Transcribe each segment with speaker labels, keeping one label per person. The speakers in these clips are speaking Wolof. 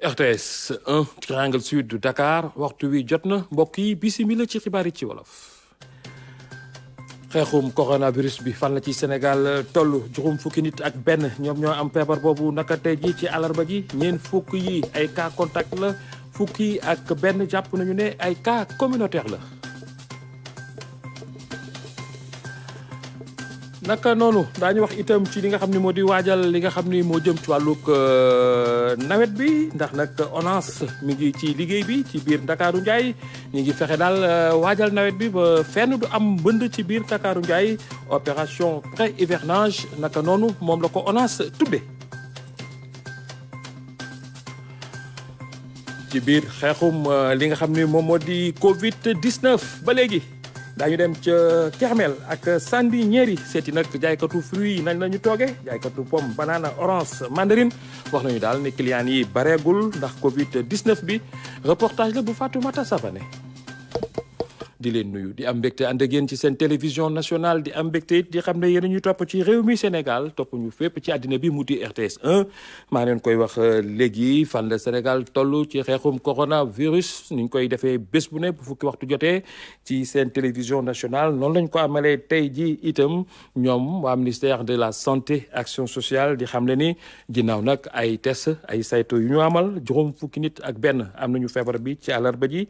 Speaker 1: RTS 1 triangle sud Dakar waxtu wi jot na mbokk yi bisimila ci xibaar yi ci wolof xeexum coronavirus bi fan la ci Sénégal toll juróom fukki nit ak benn ñoom ñoo am feebar boobu naka tey ji ci àllarba ji ñeen fukk yi ay cas contact la fukki ak benn jàpp nañu ne ay cas communautaire la nak nonu dañu wax itam ci li nga xamni modi wadjal li nga xamni mo jëm ci wàllug euh, nawet bi ndax nak onance mi ngi ci liggéey bi ci bir dakaru njay ñu ngi fexé dal euh, wadjal nawet bi ba fenn du am bënd ci bir dakaru njay opération pré hivernage nak nonu mom la ko onance tudde ci bir xexum euh, li nga xamni ni modi Covid 19 ba légui dañu dem ca Kermel ak Sandi Ñeeri seeti nag jaaykatu fruits yi nañ la ñu tooge jaaykatu pomme banana orange mandarine wax nañu daal ne clients yi bareegul ndax Covid 19 bi reportage la bu Fatoumata Savané di leen nuyu di am mbégte ànd ak yéen ci seen télévision nationale di am mbégte it di xam ne yéen ñu topp ci réew mi Sénégal topp ñu fépp ci àddina bi mu di RTS 1 maa leen koy wax euh, léegi fan la Sénégal toll ci xeexum coronavirus ni ñu koy defee bés bu ne bu fukki waxtu jotee ci seen télévision nationale noonu lañ ko amalee tey ji itam ñoom waa ministère de la santé action sociale di xam ne ni ginnaaw nag ay test ay saytu yu ñu amal juróom fukki nit ak benn am nañu feebar bi ci àllarba ji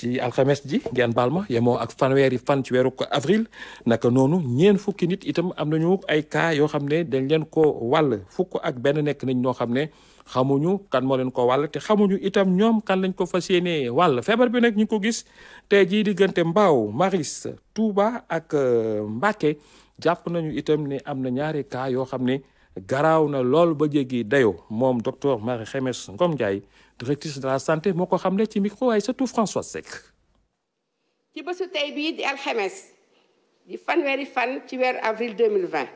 Speaker 1: ci alxames ji ngeen baal ma yemoo ak fanweeri fan ci weeru ko avril naka noonu ñeen fukki nit itam am nañu ay cas yoo xam ne dañ leen ko wàll fukk ak benn nekk nañ ñoo xam ne xamuñu kan moo leen ko wàll te xamuñu itam ñoom kan lañ ko fas yéenee wàll feebar bi nag ñu ko gis te jii diggante mbaaw Maris Touba ak euh, Mbacké jàpp nañu itam ne am na ñaari cas yoo xam ne garaaw na lool ba jéggi dayo moom docteur Marie xemes Ngom Ndiaye directrice de la santé Moko xamlé ci micro waaye surtout François Sek.
Speaker 2: ci bésu tey bi di alhamas di fanweeri fan ci avril 2020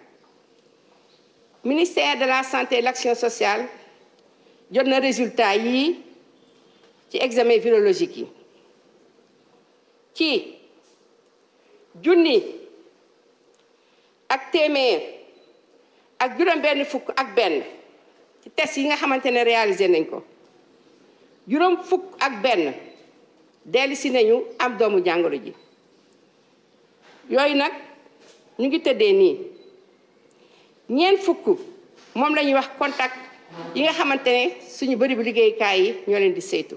Speaker 2: ministère de la santé et l'action sociale jot na résultat yi ci examen virologique yi ci jouni ak téeméer ak juróom benn fukk ak benn ci test yi nga xamante ne réalisé nañ ko juróom fukk ak benn dellu nañu am doomu jàngoro ji yooyu nag ñu ngi tëddee nii ñeen fukk moom lañuy wax contact yi nga xamante ne suñu bëri bu liggéeykaay yi ñoo leen di saytu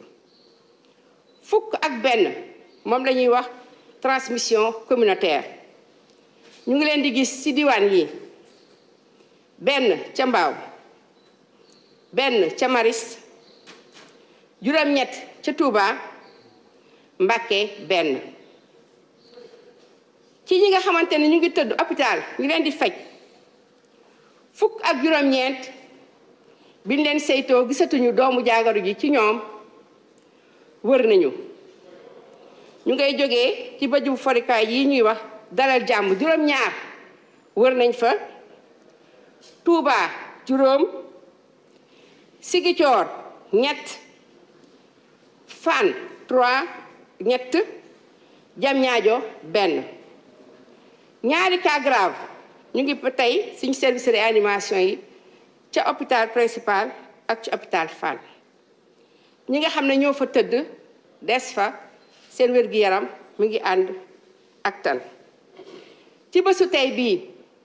Speaker 2: fukk ak benn moom lañuy wax transmission communautaire ñu ngi leen di gis ci diwaan yi benn ca Mbao benn ca Maris juróom-ñett ca Touba Mbàkke benn ci ñi nga xamante ne ñu ngi tëdd hôpital ñu leen di faj fukk ak juróom-ñeent biñ leen saytoo gisatuñu doomu jàngoro ji ci ñoom wër nañu ñu ngay jógee ci bëju forikaay yi ñuy wax dalal jàmm juróom-ñaar wër nañ fa Touba juróom Sigicoor ñett Fann trois ñett Diamniadio benn ñaari cas ñu ngi ba tey suñu service réanimation yi ca hôpital principal ak ci hôpital fan ñi nga xam ne ñoo fa tëdd des fa seen wér-gi-yaram mu ngi ànd ak tan ci bésu tey bii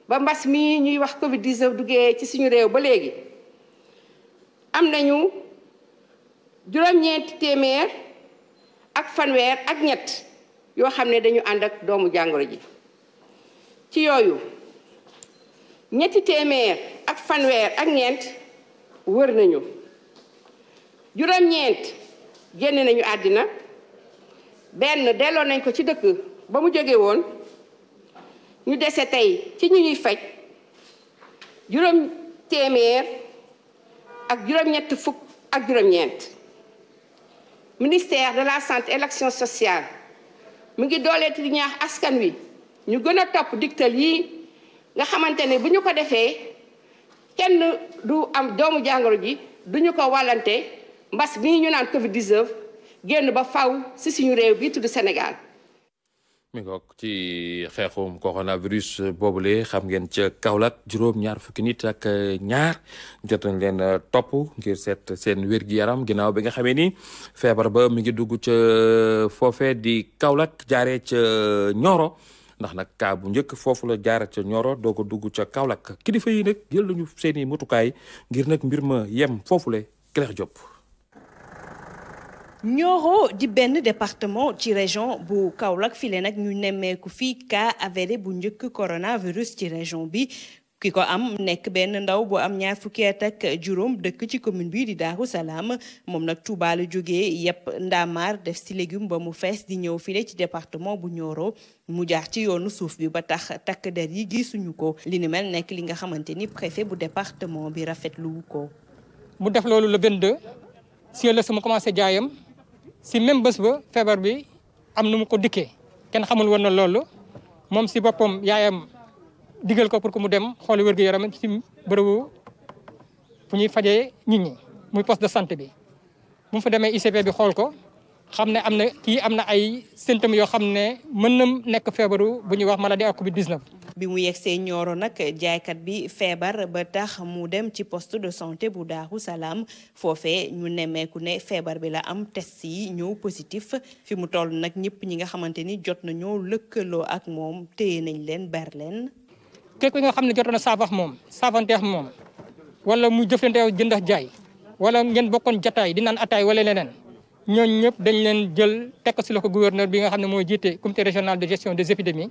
Speaker 2: ba mbas mi ñuy wax Covid 19 duggee ci suñu réew ba léegi am nañu juróom-ñeenti téeméer ak fanweer ak ñett yoo xam ne dañu ànd ak doomu jàngoro ji ci yooyu ñetti téeméer ak fanweer ak ñeent wër nañu juróom-ñeent génn nañu àddina benn delloo nañ ko ci dëkk ba mu jóge woon ñu dese tey ci ñu ñuy faj juróom téeméer ak juróom-ñett fukk ak juróom-ñeent ministère de la santé et l'action sociale faire ngi dooleeti Nous askan wi ñu gën a topp yi nga xamante ne ko kenn du am doomu Nous duñu ko de ñu naan Covid 19 ba si réew Sénégal.
Speaker 1: mi ngoog ci xeexum coronavirus boobule xam ngeen ca Kaolack juróom-ñaar fukki nit ak ñaar jot nañ leen euh, topp ngir seet seen wér-gi-yaram ginnaaw bi nga xamee ni feebar ba mi ngi dugg ca euh, foofee di Kaolack jaaree ca euh, Nioro ndax nag kaa bu njëkk foofu la jaara ca Nioro doo ko dugg ca Kaolack kilifa yi nag jël nañu seen i matukaay ngir nag mbir ma yem foofu foofule Claire Diop
Speaker 3: Nyoro, di benn département ci région bu Kaolack filé nak ñu nemmeeku fi ka avéré bu njëkk coronavirus ci région bi ki ko am nekk benn ndaw bu am ñaar fukki at ak juróom dëkk ci commune bi di Daaru Salam mom nak Touba la jógee yépp ndamar def ci légume ba mu fess di ñëw filé ci département bu Nioro mu jaar ci yoonu suuf bi ba tax tak der yi gisuñu ko li ni mel nekk li nga xamanteni préfet bu département bi rafetlu lu ko. mu def lolu le 22 si la sama commencé jaayam. si
Speaker 1: même bés ba feebar bi am nu mu ko dikkee kenn xamul woon na loolu si boppam yaayam digal ko pour que mu dem xooli wérgu yaram si bërëbu fu ñuy fajee nit ñi muy poste de santé bi. bu mu fa demee ICP bi xool ko xam ne am na ay bu ñuy wax maladie Covid
Speaker 3: 19. bi mu yegsee Nioro nag jaaykat bi feebar ba tax mu dem ci poste de santé bu daaxu Salaam foofee ñu nemmeeku ne feebar bi la am test yi ñëw positif fi mu toll nag ñëpp ñi nga xamante ni jot na ñoo lëkkaloo ak moom téye nañ leen ber leen. képp ki xam ne jotoon na moom saafanteex moom wala mu
Speaker 1: jëflanteew jëndax jaay wala ngeen bokkoon jataay di naan ataay wala leneen ñooñu ñëpp dañ leen jël teg ko si loxo gouverneur bi nga xam ne mooy jiite comité régional de gestion des épidémies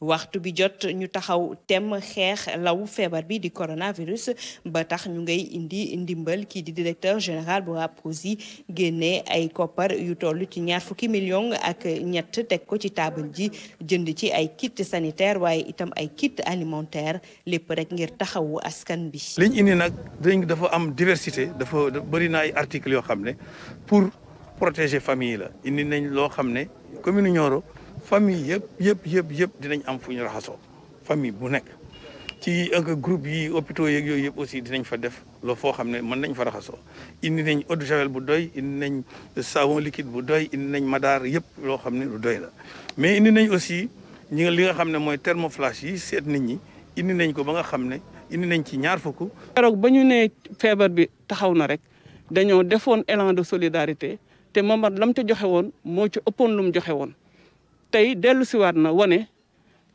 Speaker 3: waxtu bi jot ñu taxaw tem xeex law febar bi di coronavirus ba tax ñu ngay indi ndimbal ki di directeur général bu APROSI génnee ay copar yu tollu ci ñaar fukki millions ak ñett tek ko ci table ji jënd ci ay kit sanitaire waye itam ay kit alimentaire lepp rek ngir taxawu askan bi. liñ indi
Speaker 1: nak dañ dafa am diversité dafa bari na ay articles yo xamne pour protéger famille la indi nañ lo xamne commune ñoro famille yëpp yëpp yëpp yëpp dinañ am fu ñu raxasoo famille bu nekk ci ak groupe yi hôpitaux yeeg yooyu yëpp aussi dinañ fa def loo foo xam ne mën nañ fa raxasoo indi nañ eau javel bu doy indi nañ savon liquide bu doy indi nañ madaar yëpp loo xam ne lu doy na mais indi nañ aussi ñi nga li nga xam ne mooy thermoflash yi seet nit ñi indi nañ ko ba nga xam ne indi nañ ci ñaar fukk. keroog ba ñu nee
Speaker 3: feebar bi taxaw na rek dañoo defoon élan de solidarité te Momar lam te joxe woon moo ci ëppoon lu mu joxe woon. tey dellu siwaat na wane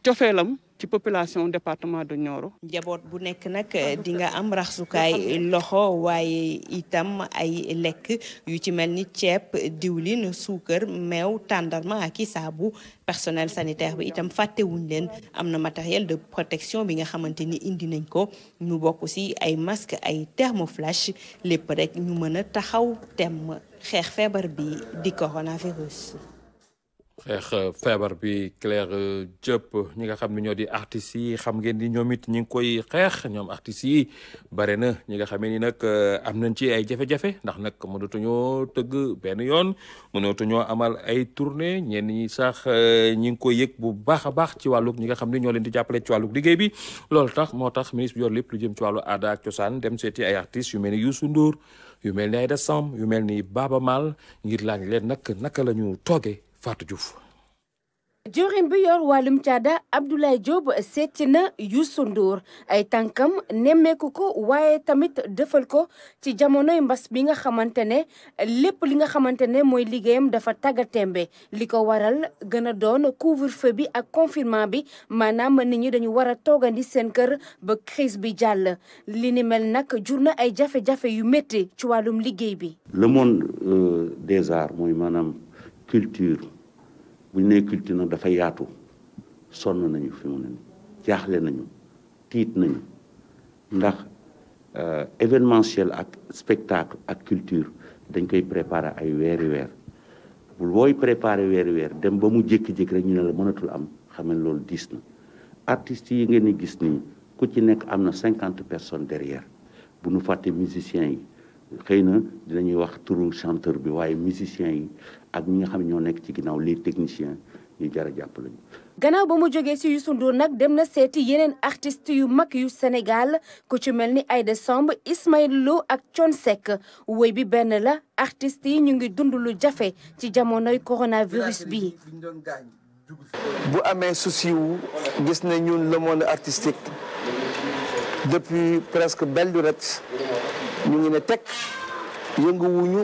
Speaker 3: cofeelam ci population département du Nioro. njaboot bu nekk nag eh, di nga am raxsukaay loxo waaye itam ay lekk yu ci mel ni ceeb diwlin suukar meew tàndarma ak i saabu personnel sanitaire bi itam fàttewuñ leen am na matériel de protection bi nga xamante ni indi nañ ko ñu bokk ci ay masque ay thermoflash lépp rek ñu mën a taxaw temm xeex feebar bi di coronavirus.
Speaker 1: xeex euh, feebar bi Claire euh, Diop euh, ñi nga xam ne ñoo di artistes yi xam ngeen ni ñoom it ñi ngi koy xeex ñoom artistes yi bare na ñi nga xamee ni nag am nañ ci ay jafe-jafe ndax nag mënatuñoo tëgg benn yoon mënatuñoo amal ay tournée ñenn ñi sax ñi ngi koy yëg bu baax a baax ci wàllug ñi nga xam ne ñoo leen di jàppale ci wàllug liggéey bi loolu tax moo tax ministre bi yor lépp lu jëm ci wàllu aada ak cosaan dem seeti ay artistes yu mel ni yumeni Ndour yu mel ni Aïda yu mel ni Baba mal, ngir laaj leen nag naka la ñu toogee Fatou Diouf
Speaker 4: jëwriñ bi yor wàllum caada Abdoulaye Diop seeti na Youssou ay tànkam nemmeeku ko waaye tamit defal ko ci jamonoy mbas bi nga xamante ne lépp li nga xamante ne mooy liggéeyam dafa tàggatémbe li ko waral gën a doon couvre-feu bi ak confinement bi maanaam nit ñi dañu war a toogandi seen kër ba crise bi jàll li ne mel nag jur na ay jafe-jafe yu métti ci wàllum liggéey bi.
Speaker 5: le monde euh, des arts mooy maanaam culture. Nous nee culture nag dafa yaatu sonn nañu fi mu nañu euh, événementiel spectacle ak culture dañ koy préparer ay weeri weer booy préparer weeri weer dem ba mu jékki-jékki rek ñu ne la mënatul am artistes yi ngeen personnes derrière bu nu des musiciens yi xëy na dinañuy wax turu chanteur bi musiciens ak ñi nga ñoo nekk ci ginnaaw les techniciens ñu jar a jàpp
Speaker 4: gannaaw ba mu joggé ci Youssou Ndour nak dem na séti yenen artistes yu mag yu Sénégal ko ci melni Aïda Samb Ismaël Lo ak Thion Sek way bi ben la artistes yi ñu ngi dund lu jafé ci jamonoy coronavirus bi.
Speaker 1: bu amé souci wu gis na ñun le monde artistique depuis presque belle lurette ñu ngi ne tek yëngu wuñu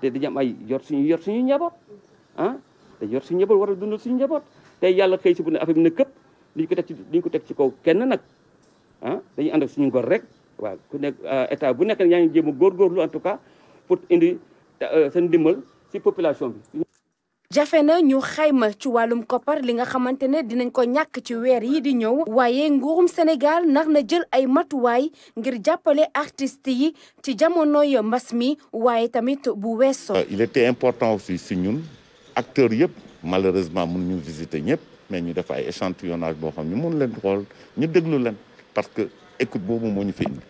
Speaker 1: te dañu am ay yor suñu yor suñu njaboot ah dañu yor su njaboot war a dundal suñu njaboot tey yàlla xëy si bu ne affaire bi ne këpp ko teg ci duñ ko teg ci kaw kenn nag ah dañuy ànd ak suñu ngor rek waaw ku nekk ah, état bu nekk yaa ngi jéem a góorgóorlu en tout cas pour indi euh, seen ndimbal si population bi
Speaker 4: jafe ñu xayma ci walum koppar li nga xamantene dinañ ko ñàkk ci wër yi di ñëw wayé nguurum Sénégal nar na jël ay matuwaay ngir jappalé artistes yi ci jamonoy mbas mi waaye tamit bu weesoo. Euh,
Speaker 1: il était important aussi si ñun acteurs yépp malheureusement mënu ñu visiter ñëpp mais ñu def ay échantillonnage bo xamni mënu mun leen xool ñu déglu leen parce que écoute bobu moo ñu fi indi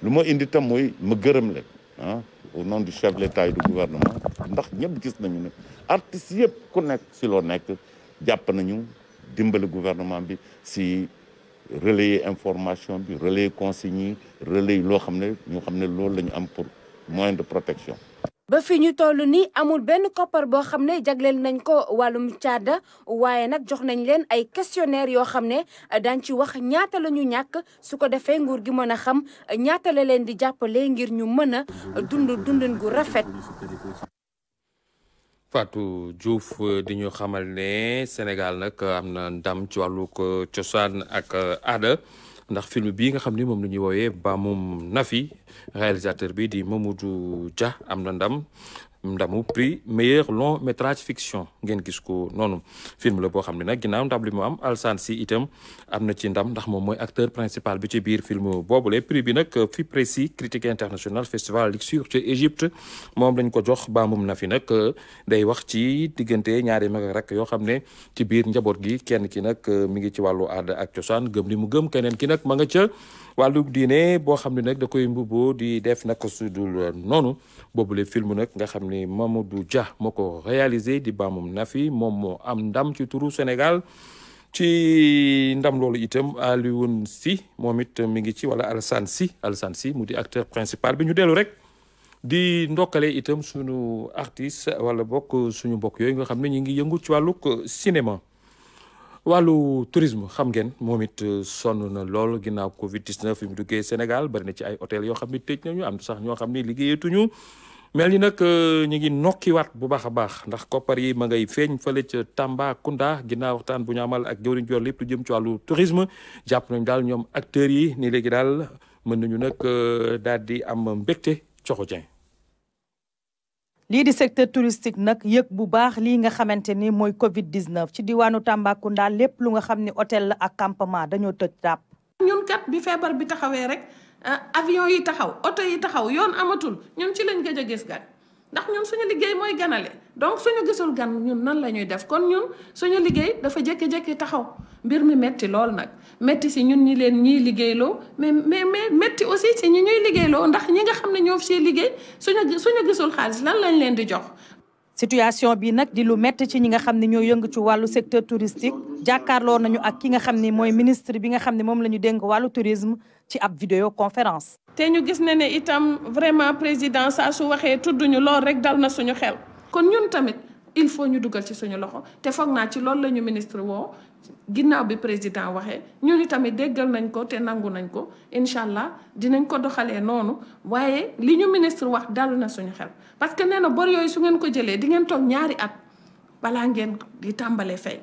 Speaker 1: lu ma indi tam moy ma gërëm leen ah, au nom du chef de l'État et du gouvernement. ndax ñëpp gis nañu ne artistes
Speaker 5: yëpp ku nekk si loo nekk jàpp nañu dimbali gouvernement bi si
Speaker 1: relayer information bi relayer consignes yi loo xam ne ñoo xam ne loolu lañu am pour moyen de protection.
Speaker 4: ba fi ñu toll nii amul benn koppar boo xam ne jagleel nañ ko wàllum caada waaye nag jox nañ leen ay questionnaire yoo xam ne daañ ci wax ñaata la ñu ñàkk su ko defee nguur gi mën a xam ñaata la leen di jàppale ngir ñu mën a dund dundin gu rafet.
Speaker 1: Fatou Diouf euh, di ñu xamal ne senegal nag euh, am na ndam ci wàllu ko cosaan ak euh, aada ndax film bi nga xam ni moom la ñuy wooyee Nafi réalisateur bi di Mamadou Dia am ndam ndamu prix meilleur long métrage fiction ngeen gis ko noonu film la boo xam ne nag ginnaaw ndam li mu am Alsaan si itam am ci ndam ndax moom mooy acteur principal bi ci biir film boobule prix bi nag fi précis critique international festival Luxor ci Égypte moom lañ ko jox baamum na fi nag euh, day wax ci diggante ñaari mag ak rakk yoo xam ne ci biir njaboot gi kenn ki nag euh, mi ngi ci wàllu aada ak cosaan gëm li mu gëm keneen ki nag ma nga ca wàllu diine boo xam ne da koy mbubboo di def naka su dul euh, noonu boobule film nag nga xam ni Mamadou Dia moo di Bamum Nafi moom amdam am ndam ci turu Sénégal ci ndam loolu itam Alioune si moom it mi ngi ci wala Alassane Sy Alassane Sy mudi acteur principal bi ñu rek di ndokkale itam sunu artiste wala bokk sunu mbokk yooyu nga xam ne ñu ngi yëngu ci wàllug cinéma wàllu tourisme xam ngeen moom it sonn na lool ginnaaw covid 19 bi mu duggee sénégal bari na ci ay hôtel nañu am sax liggéeyatuñu mel ni nag ñu ngi nokkiwaat bu baax a baax ndax koppar yi ma ngay feeñ fële ca Tambacounda ginnaaw waxtaan bu ñu ak jëwriñ jor lépp lu jëm ci wàllu tourisme jàpp nañ daal ñoom acteurs yi ni léegi daal mën nañu nag daal am mbégte jeng
Speaker 6: di secteur touristique nak yek bu baax li nga xamante ni Covid 19 ci diwaanu Tambacounda lépp lu nga xam hotel hôtel la ak campement dañoo tëj tàpp.
Speaker 7: ñun kat bi bi rek. Ah, avion yi taxaw oto yi taxaw yoon amatul ñun ci lañ gëj a gis gan ndax ñun suñu liggéey mooy ganale donc suñu gisul gan ñun nan la ñuy def kon ñun suñu liggéey dafa jékki-jékki taxaw mbir mi metti lool nag metti si ñun ñi leen ñiy liggéeyloo mais mais mais metti aussi si ñi ñuy liggéeyloo ndax ñi nga xam ne ñoo see
Speaker 6: siy liggéey suñu suñu gisul xaalis lan lañ leen di jox situation bi nag di lu métti ci ñi nga xam ne ñoo yëngu ci wàllu secteur touristique jàkkaarloo nañu ak ki nga xam ni mooy ministre bi nga xam ne moom la ñu dénk wàllu tourisme ci ab vidéo conférence. te ñu gis ne ne itam vraiment
Speaker 7: président saa su waxee tudd ñu lool rek dal na suñu xel kon ñun tamit. il faut ñu dugal ci suñu loxo te foog naa ci loolu la ñu ministre woo ginnaaw bi président waxee ñooñu tamit déggal nañ ko te nangu nañ ko incha allah dinañ ko doxalee noonu waaye li ñu ministre wax dal na suñu xel parce que nee na bor yooyu su ngeen ko jëlee di ngeen toog ñaari at balaa ngeen di tàmbalee fay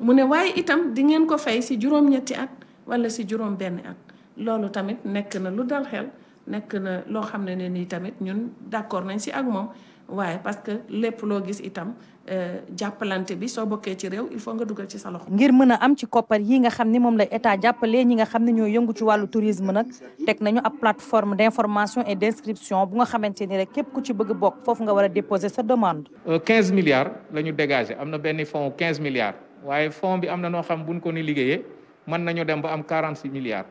Speaker 7: mu ne waaye itam di ngeen ko fay si juróom-ñetti at wala si juróom benn at loolu tamit nekk na lu dal xel nek na lo xam ne ne tamit ñun d'accord nañ ci ak mom waye parce que lepp lo gis itam euh jappalante bi so bokké ci rew il faut nga duggal ci sa loxo.
Speaker 6: ngir mëna am ci copar yi nga xam mom lay état jappalé ñi nga xam ne ñoo yëngu ci walu tourisme nak tek nañu ab plateforme d'information et d'inscription bu nga xamante ni rek képp ku ci bëgg bok fofu nga wara déposer sa demande.
Speaker 1: euh, 15 milliards lañu dégager amna am benn fonds 15 milliards waye fonds bi amna no xam buñ ko ni liggéeyee mën nañu dem ba am 46 milliards.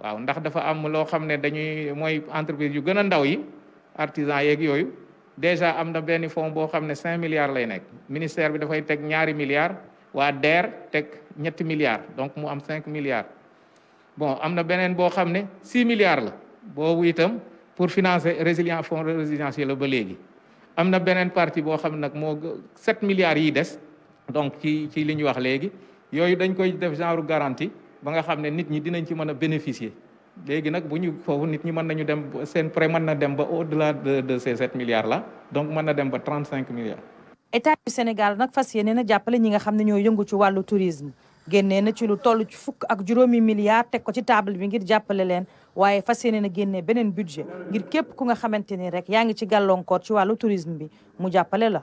Speaker 1: waaw ndax dafa am loo xam ne dañuy mooy entreprise yu gën a ndaw yi artisan yeeg yooyu déjà am na benn fonds boo xam ne cinq milliards lay nekk ministère bi dafay teg ñaari milliards waa DER teg ñetti milliards donc mu am cinq milliards bon am na beneen boo xam ne six milliards la boobu itam pour financer résilience fonds de résilience la ba léegi am na beneen partie boo xam ne nag moo sept milliards yi des donc ci ci li ñu wax léegi yooyu dañ koy def genre garantie ba nga xam ne nit ñi dinañ ci mën a bénéficier léegi nag bu ñu foofu nit ñi mën nañu dem seen prêt mën na dem ba au delà de de ces sept milliards là donc mën na dem ba trente cinq milliards.
Speaker 6: état du Sénégal nag fas yéene na jàppale ñi nga xam ne ñoo yëngu ci wàllu tourisme génnee na ci lu toll ci fukk ak juróomi milliards teg ko ci table bi ngir jàppale leen waaye fas yéene na génnee beneen budget ngir képp ku nga xamante ni rek yaa ngi ci gàllankoor ci wàllu tourisme bi mu jàppale la.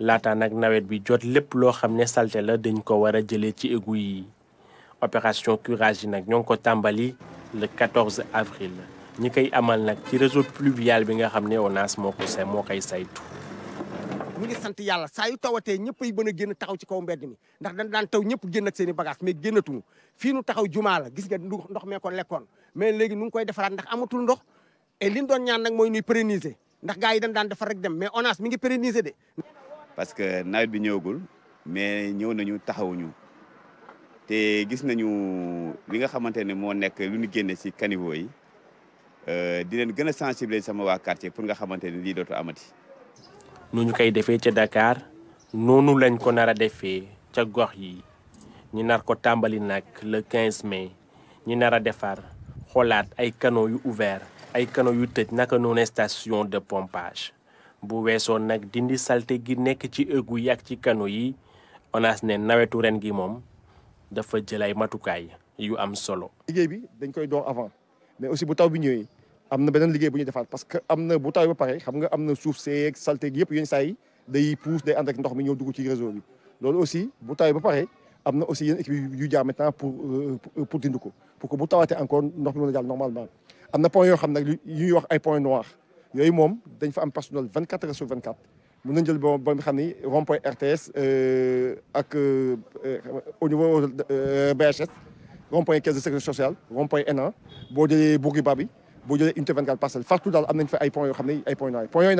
Speaker 5: laata nag nawet bi jot lépp loo xam ne salte la dañ ko war a jëlee ci égu yi opération curage yi nag ñoo ngi ko tàmbali le 14 avril ñi koy amal nag ci réseau pluvial bi nga xam ne ONAS moo ko se moo koy saytu. ñu ngi sant yàlla saa yu tawatee ñëpp ay mën a génn taxaw ci kaw mbedd mi ndax dañ daan taw ñëpp génn ak seen i bagage mais génnatuñu fii nu taxaw jumaa la gis nga ndox mee ko lekkoon mais léegi nu ngi koy defaraat ndax amatul ndox et li ñu doon ñaan nag mooy ñuy préniser ndax gars yi dañ daan defar rek dem mais ONAS mi ngi préniser de. parce que nawet bi ñëwagul mais ñëw nañu taxawuñu te gis nañu li nga xamante ne moo nekk lu ñu génne ci caniveau yi euh, di leen gën a sensibiliser sama waa quartier pour nga xamante ne lii dootu amati. nu ñu koy defee ca dakaar noonu lañ ko nar a defee ca gox yi ñu nar ko tàmbali nag le 15 mai ñu nar a defar xoolaat ay canaux yu ouvert ay kano yu tëj naka noonu station de pompage. bu weesoo nag dindi salte gi nekk ci ëggu yi ak ci kanu yi ONAS ne nawetu ren gi moom dafa jël matukaay yu am solo.
Speaker 1: liggéey bi dañ koy door avant mais aussi bu taw bi ñëwee am na beneen liggéey bu ñuy defaat parce que am na bu taw ba pare xam nga am na suuf seeg salte gi yëpp yenn saa yi day pousse day ànd ak ndox mi ñëw dugg ci réseau bi loolu aussi bu taw ba pare am na aussi yenn équipe yu jaar maintenant pour euh, pour dindi ko pour que bu tawaatee encore ndox mi mën a jàll normalement am na point yoo xam nag yu ñuy wax ay point noir Il y dañ fa am personnel 24 heures sur 24 jël bo RTS euh, euh, au niveau euh, BHS sécurité sociale rond N1 24 parcelle partout On am nañ fa ay points yo ay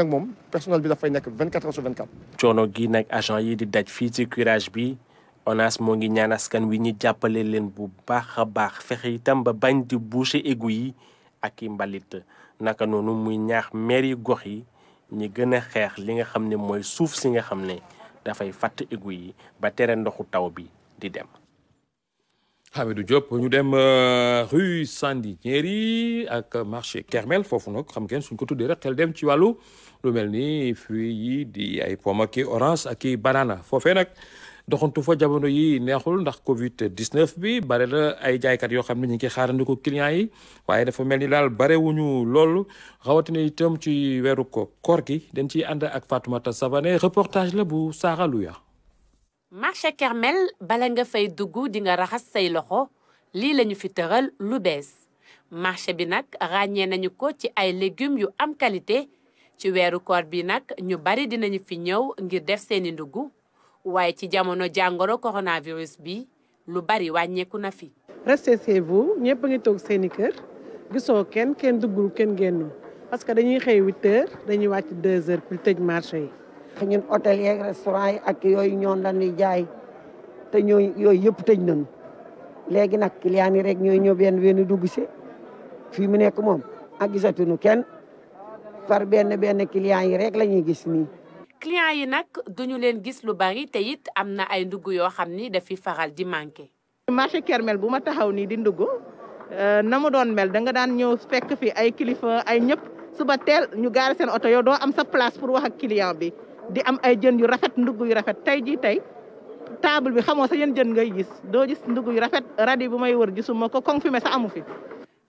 Speaker 1: personnel bi 24 heures sur 24.
Speaker 5: gi agent yi di daj ci curage bi. ONAS a baax ba bañ di boucher aiguille ak naka noonu muy ñaax maire yi gox yi ñi gën a xeex li nga xam ne mooy suuf si
Speaker 1: nga xam ne dafay fàtt égout yi ba tere ndoxu taw bi di dem. Hamidou Diop ñu dem euh, rue Sandiniéry ak marché Kermel foofu nag xam ngeen suñ ko tuddee rek xel dem ci wàllu lu mel ni fruits yi di ay pomme ak orange ak i banana foofee nag. doxantu fa jamono yi neexul ndax Covid 19 bi bare la ay jaaykat yoo xam ne ñu ngi xaarandi ko clients yi waaye dafa mel ni laal daal ñu loolu rawatina itam ci weeru ko koor gi dañ ci ànd ak Fatoumata Savané reportage la bu saaxalu ya
Speaker 8: marché Kermel bala nga fay duggu di nga raxas say loxo lii lañu fi tëral lu bees marché bi nag ràññee nañu ko ci ay légumes yu am qualité ci weeru koor bi nag ñu bari dinañu fi ñëw ngir def seeni ndugg. waaye ci jamono jàngoro coronavirus bi lu bari wàññeeku na fi.
Speaker 7: restez chez vous ñëpp a ngi toog seen i kër gisoo kenn kenn duggul kenn génnul parce que dañuy xëy 8 dañuy wàcc deux heures pour tëj marché yi. ñun hôtel
Speaker 8: yeeg restaurant yi ak yooyu ñoon lañuy jaay te ñooñu yooyu yëpp tëj nañu léegi nag client yi rek ñooy ñëw benn benn dugg si fii mu nekk moom ak gisatuñu kenn par benn benn client yi rek lañuy gis nii. client yi nag duñu leen gis lu bari te it am na ay ndugg yoo xam ni dafi faral di manqué.
Speaker 6: marché
Speaker 7: Kermel bu ma taxaw nii di ndugg euh, na mu doon mel da nga daan ñëw fekk fi ay kilifa ay ñëpp suba teel ñu gaari seen oto yow doo am sa place pour wax ak client bi di am ay jën yu rafet ndugg yu rafet tey jii tey table bi xamoo sa yéen jën ngay gis doo gis ndugu yu rafet radi bu may wër gisuma ko confirmé sa amu fi.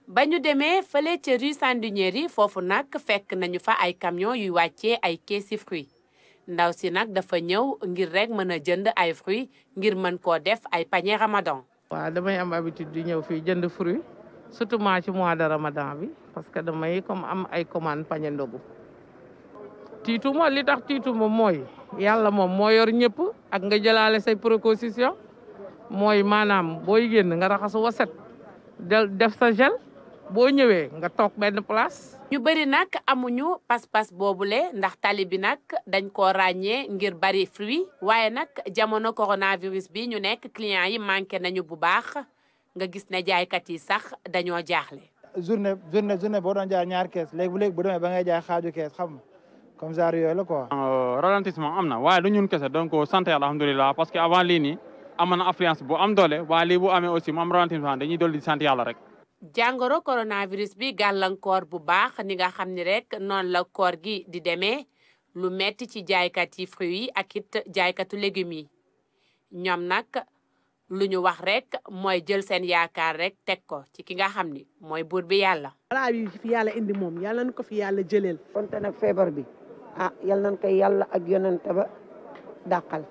Speaker 8: ba ñu demee fële ca rue Sandiniéry foofu nag fekk nañu fa ay camion yuy wàccee ay keesi fruits. ndaw si nag dafa ñëw ngir rek mën a jënd ay fruits ngir mën koo def ay pañe ramadan. waaw damay am habitude di ñëw fii jënd fruits surtout maa ci mois de ramadan bi parce que damay comme am ay commande panier ndogu.
Speaker 1: tiituma li tax tiituma mooy
Speaker 8: yàlla moom moo yor ñëpp ak nga jëlaale say précaution mooy maanaam booy génn nga raxasu waset del def sa gel. boo ñëwee nga tok benn place. ñu bëri nag amuñu pas-pas boobule ndax tali bi nag dañ koo ràññee ngir bari fruit waaye nak jamono coronavirus bi ñu nekk client yi manqué nañu bu baax nga gis ne jaaykat yi sax dañoo jaaxle.
Speaker 5: journée journée journée boo doon jaay ñaar kees léegi bu léegi bu demee ba ngay jaay xaaju kees xam nga comme genre yooyu la quoi. Euh, ralentissement waaye du ñun kese donc sant yàlla parce que avant na affluence bu am doole waaye lii bu amee aussi mu am ralentissement dañuy dolli di rek.
Speaker 8: jàngoro coronavirus bi gàllankoor bu baax ni nga xam ni rek noonu la koor gi di demee lu metti ci jaaykat yi fruits ak it jaaykatu légumes yi ñoom nag lu ñu wax rek mooy jël seen yaakaar rek teg ko ci ki nga xam ni mooy buur bi yàlla.
Speaker 7: balaa yàlla indi
Speaker 8: moom yàlla nañ ko fi yàlla jëleel. konte nag feebar bi ah yal ko yàlla ak yonent ba daqal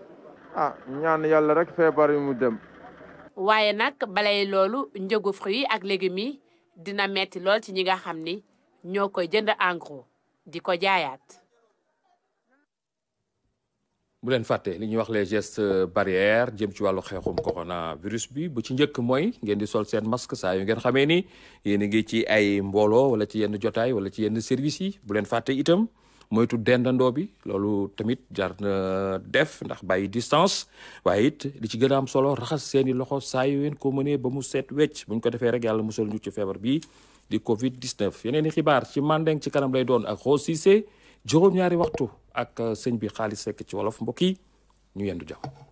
Speaker 1: ah ñaan yàlla rek feebar yi mu dem.
Speaker 8: waaye nag balay loolu njëgu fruits ak légumes yi dina metti lool ci ñi nga xam ni ñoo koy jënd en gros di ko jaayaat.
Speaker 1: bu leen fàtte li ñuy wax les gestes barrières jëm ci wàllu xeexum coronavirus bi bu ci njëkk mooy ngeen di sol seen masque saa yu ngeen xamee ni yéen a ngi ci ay mbooloo wala ci yenn jotaay wala ci yenn service yi bu leen fàtte itam. moytu dendandoo bi loolu tamit jar na def ndax bàyyi distance waaye it li ci gën am solo raxas seeni loxo saa yu ngeen ko mënee ba mu set wecc bu ñu ko defee rek yàlla musalu ñu ci feebar bi di Covid 19. yeneen i xibaar ci Mandeng ci kanam lay doon ak Rose Cissé juróom-ñaari waxtu ak sëñ bi xaalis sekk ci wolof mbokk yi ñu yendu jàmm.